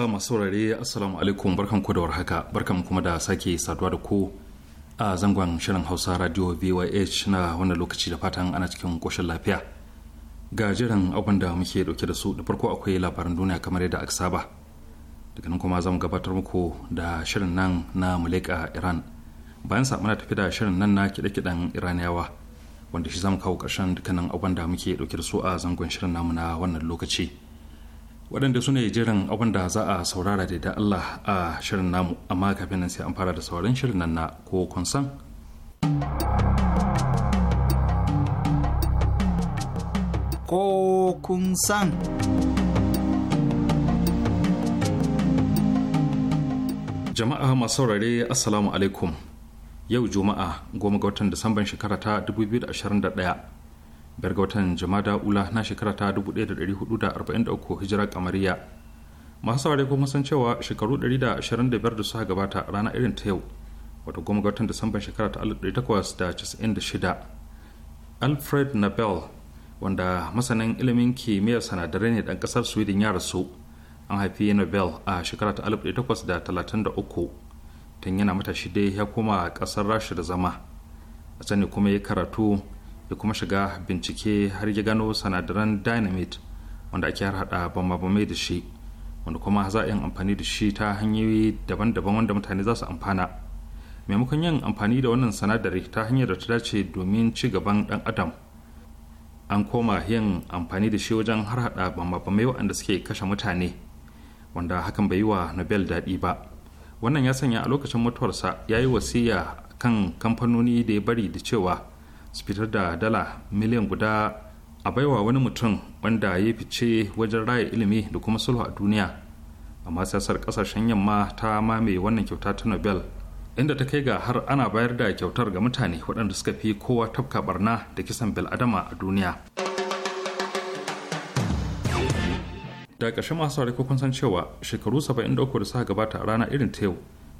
jama'a masu saurare assalamu alaikum barkan ku da warhaka barkan kuma da sake saduwa da ku a zangon shirin hausa radio vyh na wannan lokaci da fatan ana cikin koshin lafiya ga jiran abin da muke dauke da su da farko akwai labaran duniya kamar yadda aka saba daga nan kuma za mu gabatar muku da shirin nan na mulika iran bayan sa muna tafi da shirin nan na kiɗe-kiɗen iraniyawa wanda shi zamu kawo karshen dukkanin abin da muke dauke da su a zangon shirin namu na wannan lokaci waɗanda su ne jiran abin da za a saurara da da Allah a shirin namu amma kafin nan sai an fara da sauran shirin nan na ko kun san. Ko kun san. Jama'a masu saurare Assalamu alaikum yau Juma'a goma ga watan Disamban shekara ta 2021 daga watan jama'a ula na shekara ta 1443 hijira kamariya masu saurari kuma san cewa shekaru 125 da suka gabata rana irin ta yau wata goma ga watan disamba shekara ta 1896 alfred nobel wanda masanin ilimin kimiyyar sanadarai ne dan kasar sweden ya rasu an haifi nobel a shekara ta 1833 tun yana matashi dai ya koma kasar rasha da zama a sani kuma ya karatu da kuma shiga bincike har ya gano sanadaran dynamite wanda ake harhaɗa bambamai da shi wanda kuma za a yin amfani da shi ta hanyoyi daban-daban wanda mutane za su amfana maimakon yin amfani da wannan sanadari ta hanyar da ta dace domin ci gaban ɗan adam an koma yin amfani da shi wajen harhaɗa bambamai waɗanda suke kashe mutane wanda hakan bai yi wa nobel daɗi ba wannan ya sanya a lokacin mutuwarsa ya yi wasiya kan kamfanoni da ya bari da cewa su fitar da dala miliyan guda a baiwa wani mutum wanda ya fice wajen raya ilimi da kuma sulhu a duniya amma siyasar kasashen yamma ta mamaye wannan kyauta ta nobel inda ta kai ga har ana bayar da kyautar ga mutane waɗanda suka fi kowa tafka barna da kisan bil adama a duniya da ƙarshen masu saurari kun san cewa shekaru 73 da suka gabata a rana irin ta yau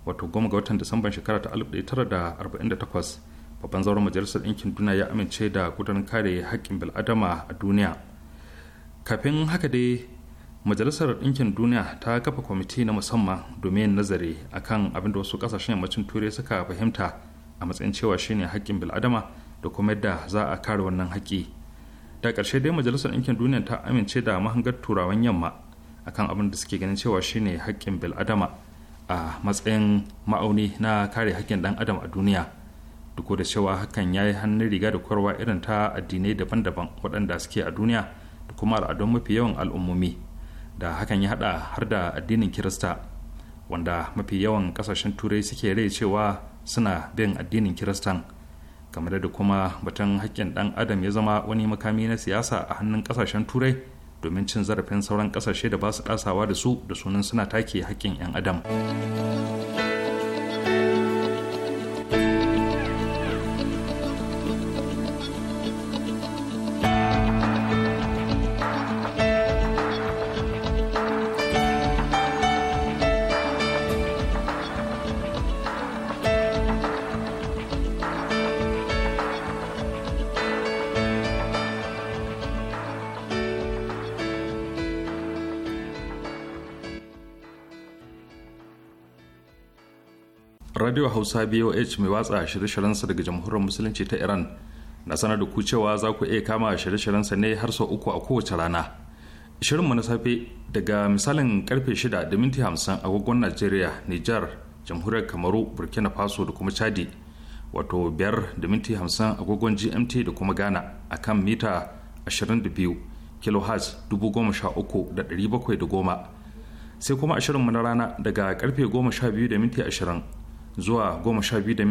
wato goma ga watan disamban shekara ta 1948 babban zauren majalisar ɗinkin duniya ya amince da gudanar kare haƙƙin bil'adama a duniya kafin haka dai majalisar ɗinkin duniya ta kafa kwamiti na musamman domin nazari akan abin da wasu ƙasashen yammacin turai suka fahimta a matsayin cewa shine haƙƙin bil'adama da kuma yadda za a kare wannan haƙƙi da ƙarshe dai majalisar ɗinkin duniya ta amince da mahangar turawan yamma akan abin da suke ganin cewa shine haƙƙin bil'adama a matsayin ma'auni na kare haƙƙin ɗan adam a duniya duk da cewa hakan ya yi hannun riga da kwarwa irin ta addinai daban-daban waɗanda suke a duniya da kuma al'adun mafi yawan al'ummomi da hakan ya haɗa har da addinin kirista wanda mafi yawan ƙasashen turai suke rai cewa suna bin addinin kiristan kamar da kuma batun haƙƙin ɗan adam ya zama wani makami na siyasa a hannun ƙasashen turai domin cin zarafin sauran ƙasashe da ba su ɗasawa da su da sunan suna take haƙƙin 'yan adam. radio hausa boh mai watsa shirye-shiryensa daga jamhuriyar musulunci ta iran na sanar da ku cewa za ku iya kama shirye-shiryensa ne har sau uku a kowace rana shirinmu na safe daga misalin karfe 6 da minti 50 agogon najeriya niger jamhuriyar kamaru burkina faso da kuma chadi wato 5 da minti 50 agogon gmt da kuma ghana a kan mita bakwai da goma sai kuma ashirinmu na rana daga karfe 12 da minti ashirin zuwa goma sha biyu da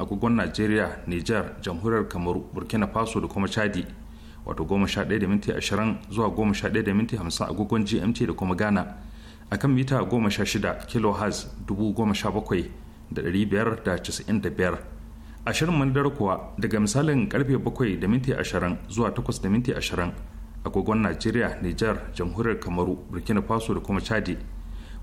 agogon najeriya niger jamhuriyar kamaru burkina faso da kuma chadi wato goma sha ɗaya da zuwa goma sha ɗaya da minti hamsin agogon gmt da kuma ghana a kan mita goma sha shida kilohertz dubu goma sha bakwai biyar da da biyar ashirin Mandar kuwa daga misalin karfe bakwai da minti ashirin zuwa takwas da minti agogon najeriya niger jamhuriyar kamaru burkina faso da kuma chadi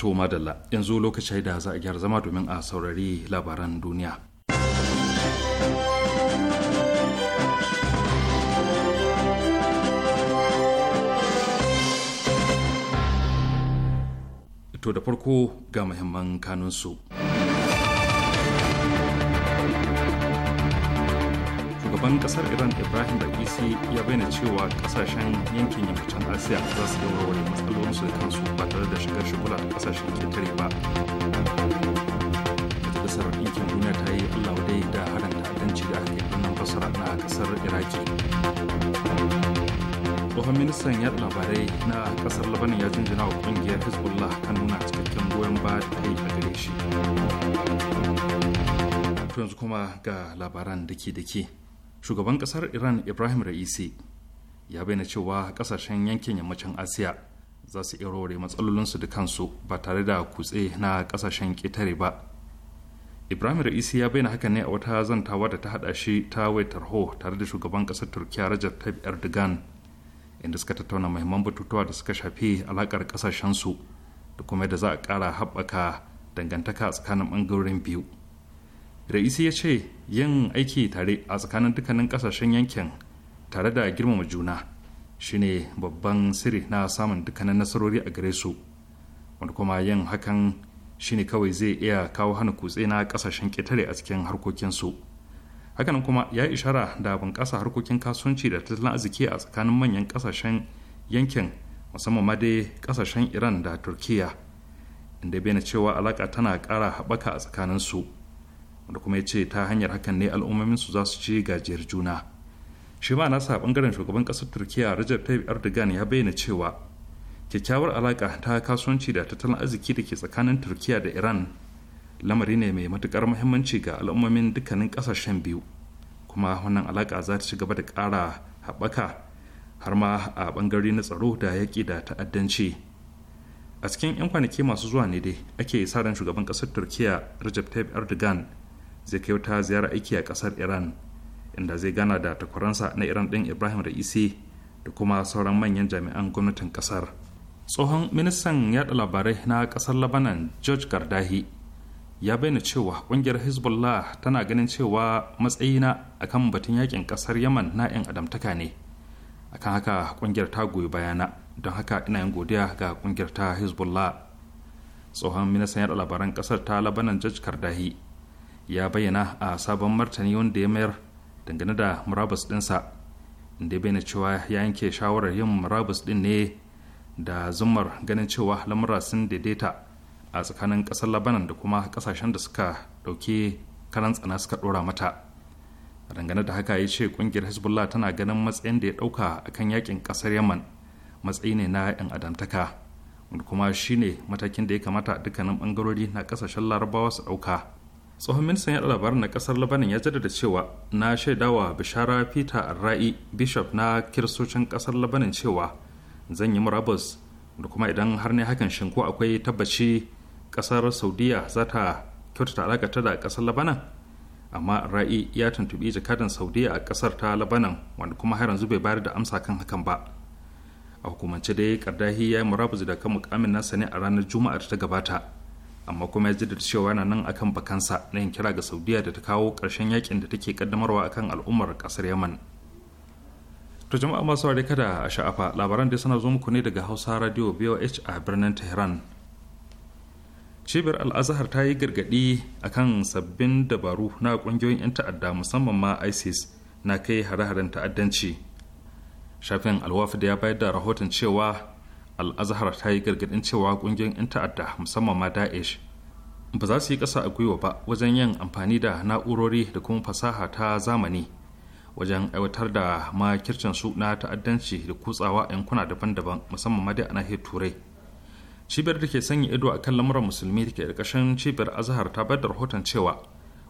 To madalla yanzu lokacin da za a gyara zama domin a saurari labaran duniya. To da farko ga muhimman kanunsu. shugaban kasar iran ibrahim raisi ya bayyana cewa kasashen yankin yammacin asiya za su wani warware matsalolinsu da kansu ba tare da shigar shigula da kasashen tare ba kasar yankin duniya ta yi allah da harin ta'addanci da ake birnin na kasar iraki tsohon ministan yaɗa labarai na kasar labanin ya jinjina wa ƙungiyar hezbollah kan nuna cikakken goyon ba da ta yi a gare shi yanzu kuma ga labaran da ke da ke shugaban kasar iran ibrahim ra'isi ya bayyana cewa kasashen yankin yammacin asiya za su iya su da kansu ba tare da kutse na kasashen ƙetare ba ibrahim ra'isi ya bayyana haka ne a wata zantawa da ta hada shi ta waitar ho tare da shugaban kasar turkiya rajab tayyip erdogan inda suka tattauna mahimman batutuwa da suka shafi alakar kasashensu da kuma yadda za a kara haɓaka dangantaka tsakanin ɓangaren biyu raisi ya ce yin aiki tare a tsakanin dukkanin kasashen yankin tare da girmama juna shine babban sirri na samun dukkanin nasarori a gare su wanda kuma yin hakan shine kawai zai iya kawo hana kutse na kasashen ƙetare a cikin harkokinsu hakan kuma ya ishara da bunƙasa harkokin kasuwanci da tattalin arziki a tsakanin manyan kasashen yankin musamman ma dai kasashen iran da turkiya inda na cewa alaƙa tana ƙara haɓaka a tsakaninsu wanda kuma ya ce ta hanyar hakan ne al'ummomin su za su ci gajiyar juna shi ma nasa bangaren shugaban kasar turkiya rajab tayyip erdogan ya bayyana cewa kyakkyawar alaka ta kasuwanci da tattalin arziki da ke tsakanin turkiya da iran lamari ne mai matukar muhimmanci ga al'ummomin dukkanin kasashen biyu kuma wannan alaka za ta ci gaba da ƙara haɓaka har ma a bangare na tsaro da yaƙi da ta'addanci a cikin 'yan kwanaki masu zuwa ne dai ake sa ran shugaban ƙasar turkiya rajab tayyip erdogan zai kai wata ziyara aiki a kasar iran inda zai gana da takwaransa na iran ɗin ibrahim da ra'isi da kuma sauran manyan jami'an gwamnatin kasar tsohon ministan yada labarai na kasar labanan george gardahi ya bayyana cewa kungiyar hezbollah tana ganin cewa matsayi na akan batun yakin kasar yaman na 'yan adamtaka ne akan haka kungiyar ta goyi bayana don haka ina yin godiya ga kungiyar ta hezbollah tsohon ministan yada labaran kasar ta labanan george kardahi ya bayyana a sabon martani wanda ya mayar dangane da murabus ɗinsa inda ya bayyana cewa ya yanke shawarar yin murabus din ne da zumar ganin cewa lamura sun daidaita a tsakanin ƙasar labanan da kuma kasashen da suka dauke karan tsana suka ɗora mata dangane da haka ya ce ƙungiyar hezbollah tana ganin matsayin da ya ɗauka akan yakin kasar yaman matsayi ne na 'yan adamtaka wanda kuma shine matakin da ya kamata dukkanin bangarori na kasashen larabawa su ɗauka tsohon ministan yaɗa labarin na kasar labanin ya jaddada cewa na shaidawa bishara peter arra'i bishop na kirsocin kasar labanin cewa zan yi murabus da kuma idan har ne hakan shin akwai tabbaci kasar saudiya za ta kyautata alakata da kasar labanin amma ra'i ya tuntubi jakadan saudiya a kasar ta labanin wanda kuma har yanzu bai bayar da amsa kan hakan ba a hukumance dai kardahi ya yi murabus da kan mukamin nasa ne a ranar juma'ar ta gabata amma kuma ya jaddada cewa yana nan akan bakansa na yin kira ga saudiya da ta kawo ƙarshen yakin da take kaddamarwa akan al'ummar ƙasar yaman to jama'a masu ware kada a sha'afa labaran da suna zo muku ne daga hausa radio boh a birnin tehran cibiyar al'azahar ta yi gargaɗi akan sabbin dabaru na ƙungiyoyin 'yan ta'adda musamman ma isis na kai hare-haren ta'addanci shafin alwafi da ya bayar da rahoton cewa al'azhar ta yi gargadin cewa ƙungiyar 'yan ta'adda musamman ma daesh ba za su yi kasa a gwiwa ba wajen yin amfani da na'urori da kuma fasaha ta zamani wajen aiwatar da makircin su na ta'addanci da kutsawa a yankuna daban-daban musamman ma dai a nahiyar turai cibiyar da ke sanya ido a kan lamuran musulmi da ke ƙarƙashin cibiyar azhar ta bayar da rahoton cewa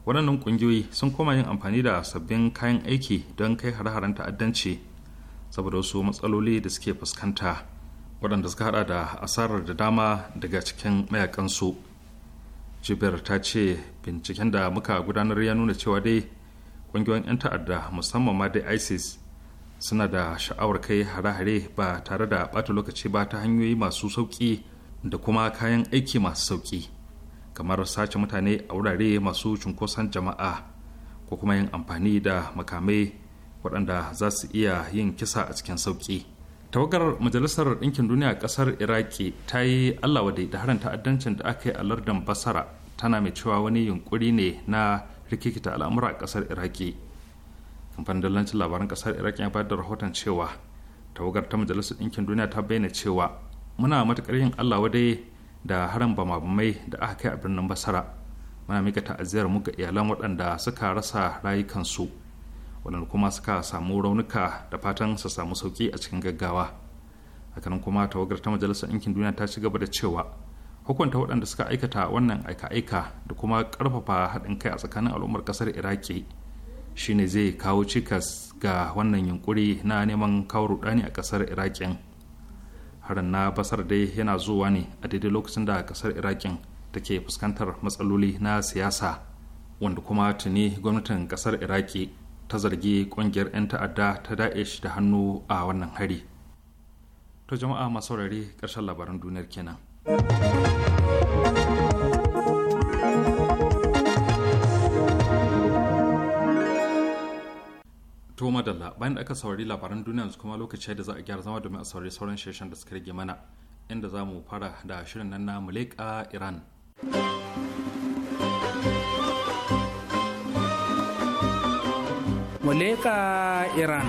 waɗannan ƙungiyoyi sun koma yin amfani da sabbin kayan aiki don kai hare-haren ta'addanci saboda wasu matsaloli da suke fuskanta waɗanda suka hada da asarar da dama daga cikin mayakansu jibir ta ce binciken da muka gudanar ya nuna cewa dai ƙungiyoyin 'yan ta'adda musamman ma dai isis suna da sha'awar kai hare-hare ba tare da ɓata lokaci ba ta hanyoyi masu sauƙi da kuma kayan aiki masu sauƙi kamar sace mutane a wurare masu cunkoson jama'a ko kuma yin amfani da makamai waɗanda za su iya yin kisa a cikin sauƙi. tawagar majalisar ɗinkin duniya ƙasar iraki ta yi allawadai da harin ta'addancin da aka yi a lardin basara tana mai cewa wani yunkuri ne na rikikita al'amura a ƙasar iraki kamfanin dallancin labaran ƙasar iraki ya bayar da rahoton cewa tawagar ta majalisar ɗinkin duniya ta bayyana cewa muna matuƙar yin allawadai da harin bamabamai da aka kai a birnin basara muna mika ta'aziyar mu ga iyalan waɗanda suka rasa rayukansu waɗanda kuma suka samu raunuka da fatan su samu sauki a cikin gaggawa hakanan kuma tawagar ta majalisar ɗinkin duniya ta ci gaba da cewa hukunta waɗanda suka aikata wannan aika-aika da kuma ƙarfafa haɗin kai a tsakanin al'ummar ƙasar iraki shine zai kawo cikas ga wannan yunkuri na neman kawo rudani a ƙasar iraƙin harin na basar dai yana zuwa ne a daidai lokacin da ƙasar iraƙin take fuskantar matsaloli na siyasa wanda kuma tuni gwamnatin ƙasar iraki ta zargi kungiyar 'yan ta'adda ta da'ish da hannu a wannan hari to jama'a masu saurare ƙarshen labaran duniyar kenan to madalla bayan da aka saurari labaran duniya su kuma lokaci da za a gyara zama domin a saurari sauran shirin da suka rage mana inda za mu fara da shirin nan na muleka iran Muleka Iran.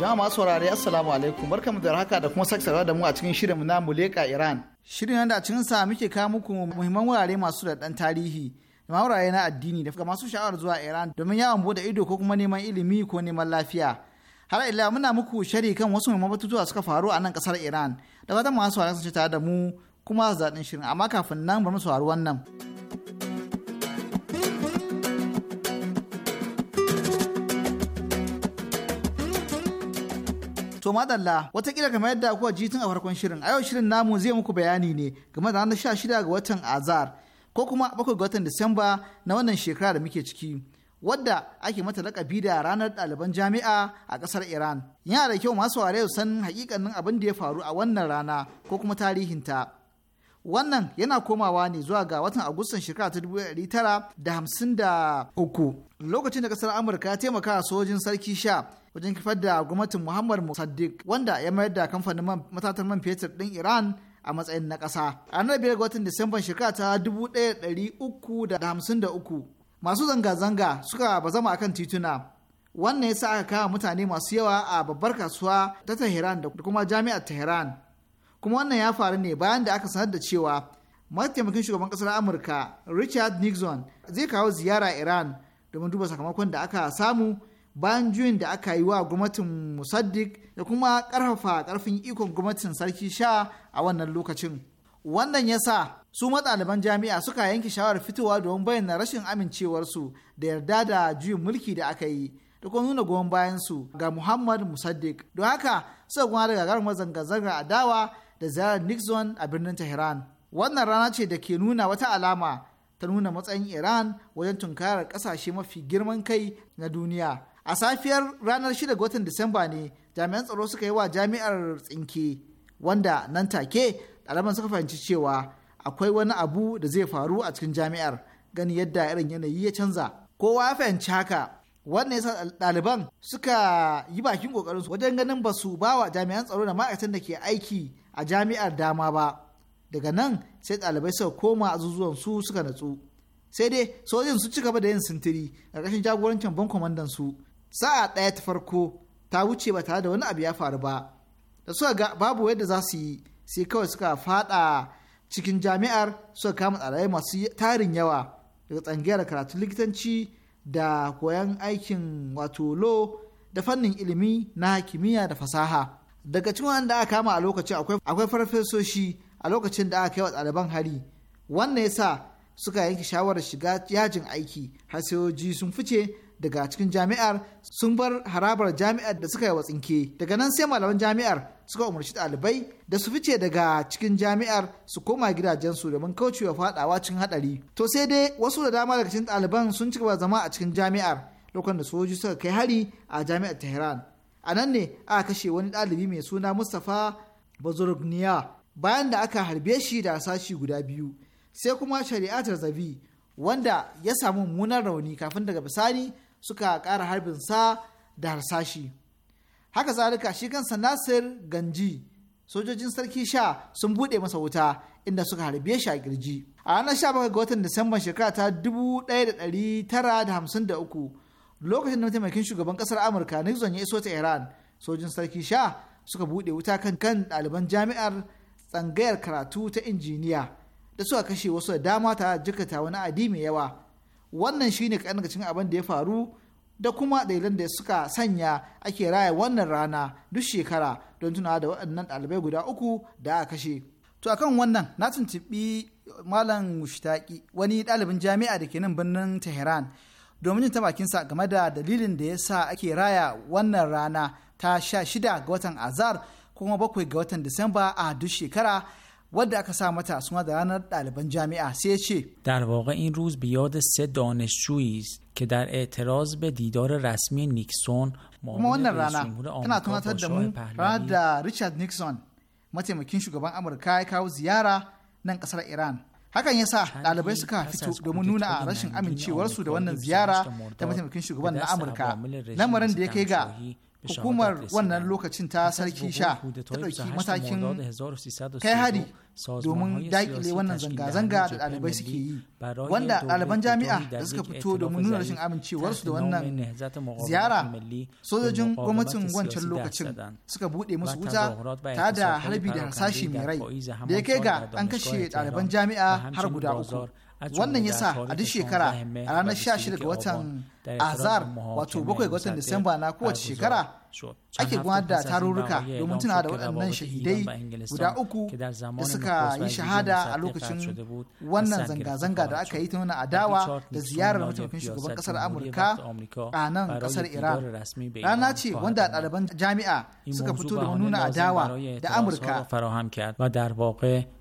Jama'a saurari Assalamu alaikum barkamu da haka da kuma saksarwa da mu a cikin shirin na Muleka Iran. Shirin da a cikin sa muke kawo muku muhimman wurare masu da dan tarihi da ma wurare na addini da masu sha'awar zuwa Iran domin yawon bude ido ko kuma neman ilimi ko neman lafiya. Har ila muna muku shari kan wasu muhimman batutuwa suka faru a nan kasar Iran. Da fatan masu saurari sun tare da mu kuma zaɗin shirin amma kafin nan bari mu saurari wannan. To madalla watakila kamar yadda kuwa ji tun a farkon shirin a yau shirin namu zai muku bayani ne game da ranar shida ga watan Azar ko kuma bakwai ga watan Disamba na wannan shekara da muke ciki. Wadda ake mata lakabi da ranar ɗaliban jami'a a ƙasar Iran. Yana da kyau masu ware san hakikanin abin da ya faru a wannan rana ko kuma tarihinta. Wannan yana komawa ne zuwa ga watan Agustan shekara ta da da hamsin uku. lokacin da ƙasar Amurka ya taimaka sojin sarki sha wajen kifar da gwamnatin muhammad Musaddiq wanda ya mayar da kamfanin matatar man fetur ɗin iran a matsayin na ƙasa a ranar biyar ga watan disamban shekara ta 1353 masu zanga-zanga suka bazama akan tituna wannan yasa aka kama mutane masu yawa a babbar kasuwa ta tehran da kuma jami'ar tehran kuma wannan ya faru ne bayan da aka sanar da cewa mataimakin shugaban kasar amurka richard nixon zai kawo ziyara iran domin duba sakamakon da aka samu bayan juyin da aka yi wa gwamnatin musaddik da kuma karfafa ƙarfin ikon gwamnatin sarki sha a wannan lokacin wannan ya sa su matsaliban jami'a suka yanke shawarar fitowa domin bayyana rashin amincewarsu da yarda da juyin mulki da aka yi da kuma nuna goyon su ga muhammad musaddik don haka suka kuma daga garin zanga a dawa da ziyarar nixon a birnin tehran wannan rana ce da ke nuna wata alama ta nuna matsayin iran wajen tunkarar kasashe mafi girman kai na duniya a safiyar ranar 6 ga watan disamba ne jami'an tsaro suka yi wa jami'ar tsinke wanda nan take ɗaliban suka fahimci cewa akwai wani abu da zai faru a cikin jami'ar gani yadda irin yanayi ya canza kowa ya fahimci haka wannan yasa ɗaliban suka yi bakin kokarin su wajen ganin ba su ba wa jami'an tsaro da ma'aikatan da ke aiki a jami'ar dama ba daga nan sai ɗalibai suka koma azuzuwan su suka natsu sai dai sojin su ci gaba da yin sintiri ƙarshen jagorancin ban kwamandan su sa'a ɗaya ta farko ta wuce ba tare da wani abu ya faru ba da suka ga babu yadda za su yi sai kawai suka faɗa. cikin jami'ar suka kama tsarai masu tarin yawa daga tsangiyar karatu likitanci da koyan aikin wato lo da fannin ilimi na kimiyya da fasaha daga cikin wanda aka kama a lokacin akwai farfesoshi a lokacin da aka kai wa ɗaliban hari wannan yasa suka yanke shawarar shiga yajin aiki har sai sun fice daga cikin jami'ar sun bar harabar jami'ar da suka yi wa tsinke daga nan sai malaman jami'ar suka umarci ɗalibai da su fice daga cikin jami'ar su koma gidajensu domin kaucewa fadawa cikin haɗari to sai dai wasu da dama daga cikin ɗaliban sun ci gaba zama a cikin jami'ar lokacin da sojoji suka kai hari a jami'ar tehran a nan ne aka kashe wani ɗalibi mai suna mustapha bazurgniya bayan da aka harbe shi da sashi guda biyu sai kuma shari'atar zabi wanda ya samu mummunan rauni kafin daga bisani suka ƙara harbinsa da harsashi haka zalika shi kansa nasir ganji sojojin sarki sha sun buɗe masa wuta inda suka harbe shi a kirji a ranar baka ga watan disamban shekara ta 1953 lokacin da mataimakin shugaban ƙasar amurka nixon ya iso ta iran sojin sarki sha suka buɗe wuta kan kan ɗaliban jami'ar tsangayar karatu ta injiniya da suka kashe wasu da dama ta jikata wani adi mai yawa wannan shine kaɗan daga cikin abin da ya faru da kuma dalilan da suka sanya ake raya wannan rana duk shekara don tuna da waɗannan ɗalibai guda uku da aka kashe. To akan wannan na tuntuɓi Malam Mushtaki wani ɗalibin jami'a da ke nan birnin Tehran domin jin tabakinsa sa game da dalilin da ya sa ake raya wannan rana ta sha shida ga watan Azar kuma bakwai ga watan Disamba a duk shekara wadda aka sa mata suna da ranar ɗaliban jami'a sai ce dar waƙa in ruz به یاد سه دانشجویی ke dar در be rasmi nixon kuma wannan rana tana tunatar da mu ranar da Richard Nixon mataimakin shugaban Amurka ya kawo ziyara nan kasar Iran hakan ya sa ɗalibai suka fito domin nuna rashin amincewarsu da wannan ziyara ta mataimakin shugaban na Amurka lamarin da ya kai ga hukumar wannan lokacin ta sarki sha ta ɗauki matakin kai hari domin daƙile wannan zanga-zanga da ɗalibai suke yi wanda ɗaliban jami'a da suka fito domin nuna rashin amincewarsu da wannan ziyara sojojin gwamnatin wancan lokacin suka buɗe musu wuta ta da harbi da harsashi mai rai da ya kai ga an kashe ɗaliban jami'a har guda uku wannan ya sa a duk shekara a ranar 16 ga watan azar wato 7 ga watan disamba na kowace shekara ake gudanar da tarurruka domin tuna da waɗannan shahidai guda uku da suka yi shahada a lokacin wannan zanga-zanga da aka yi ta nuna adawa da ziyarar mataimakin shugaban ƙasar amurka a nan ƙasar iran rana ce wanda ɗaliban jami'a suka fito da nuna adawa da amurka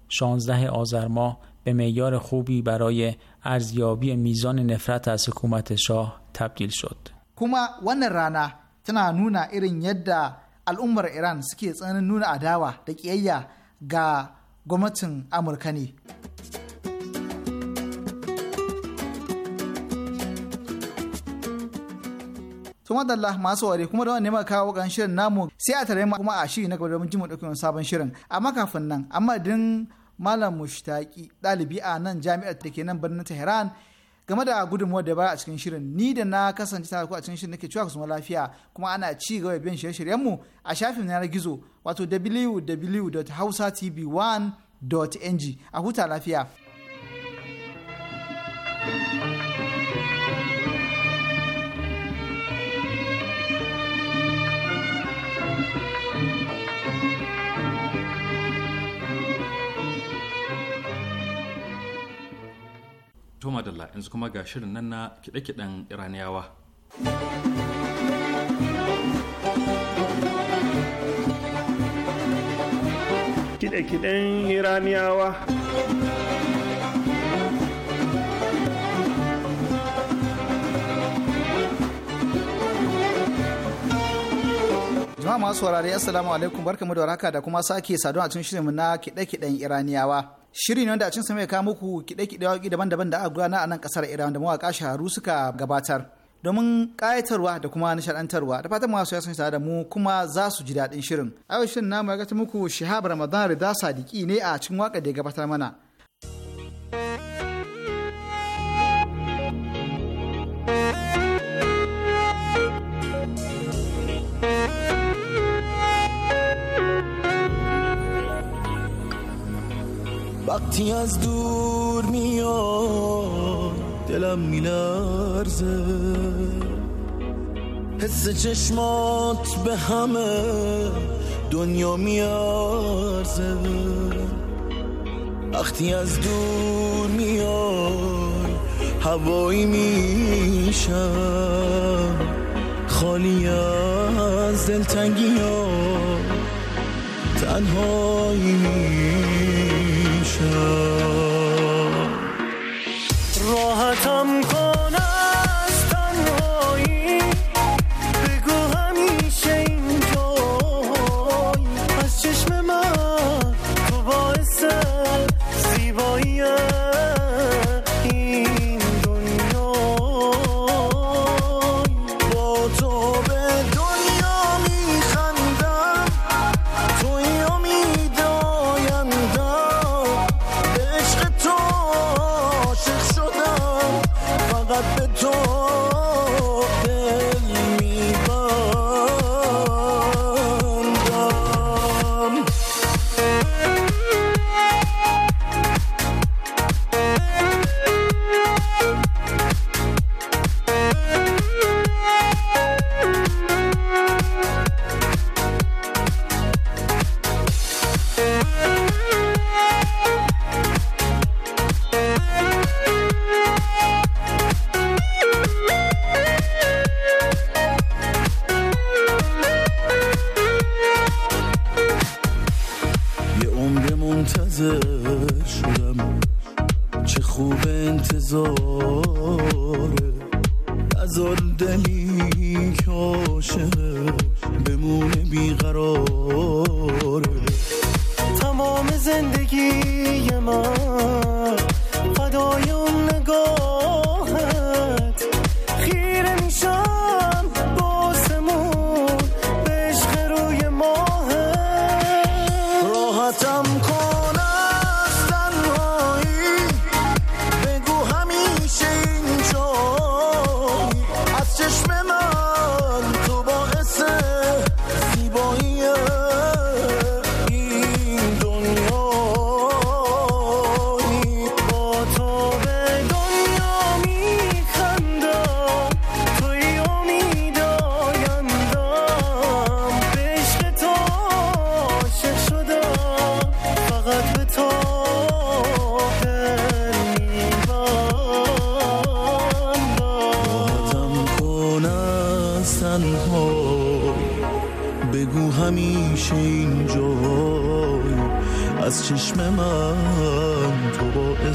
16 آذر ماه به معیار خوبی برای ارزیابی میزان نفرت su kuma شاه تبدیل شد. kuma wannan rana tana nuna irin yadda al'ummar Iran suke tsananin nuna adawa da ƙiyayya ga gwamnatin Amurka ne. Tuma da Allah masu ware kuma da wani kawo kan shirin namu sai a tare kuma a shiri na gaba domin jin mu sabon shirin. Amma kafin nan, amma din malam mushtaki ɗalibi a nan jami'ar da ke nan birnin tehran game da gudunmuwar da baya a cikin shirin ni da na kasance tare ku a cikin shirin nake cewa ku lafiya kuma ana ci gaba da biyan shirye mu a shafin na gizo wato www.hausatv1.ng a huta lafiya. To madalla yanzu kuma ga shirin nan na kiɗe-kiɗen Iraniyawa. Kiɗe-kiɗen Iraniyawa. Jama'a masu wurare Assalamu alaikum barkamu da waraka da kuma sake saduwa a cikin shirin na kiɗe-kiɗen Iraniyawa. shiri ne wanda a cinsa mai kawo muku kiɗe-kiɗe waƙi daban-daban da aka gudana a nan ƙasar iran da mawaƙa shaharu suka gabatar domin ƙayatarwa da kuma nishaɗantarwa da fatan masu yasan tare da mu kuma za su ji daɗin shirin a yau shirin namu ya gata muku shihab ramadan rida sadiki ne a cikin waka da ya gabatar mana وقتی از دور میاد دلم میلرزه حس چشمات به همه دنیا میارزه وقتی از دور میای هوایی میشم خالی از دلتنگی ها تنهایی راحتم کن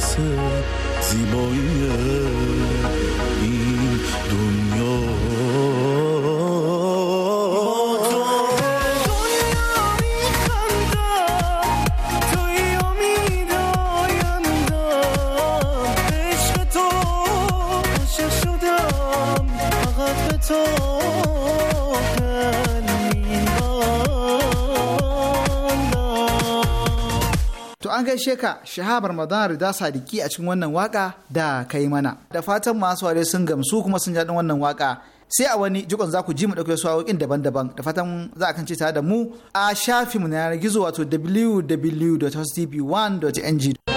مقیاس زیبایی این دنیا an gaishe ka shahab ramadan rida sadiki a cikin wannan waka da ka yi mana da fatan masu ware sun gamsu kuma sun jaɗin wannan waka sai a wani jikon za ku ji mu ɗauke su waƙoƙin daban-daban da fatan za a kance tare da mu a shafinmu na yanar gizo wato www.hostv1.ng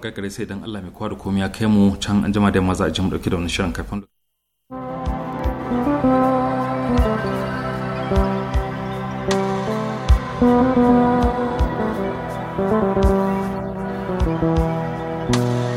mu kakare sai dan Allah mai kowa da komai ya kai mu can an jima da maza a ji mu dauke da wani shirin kafin thank you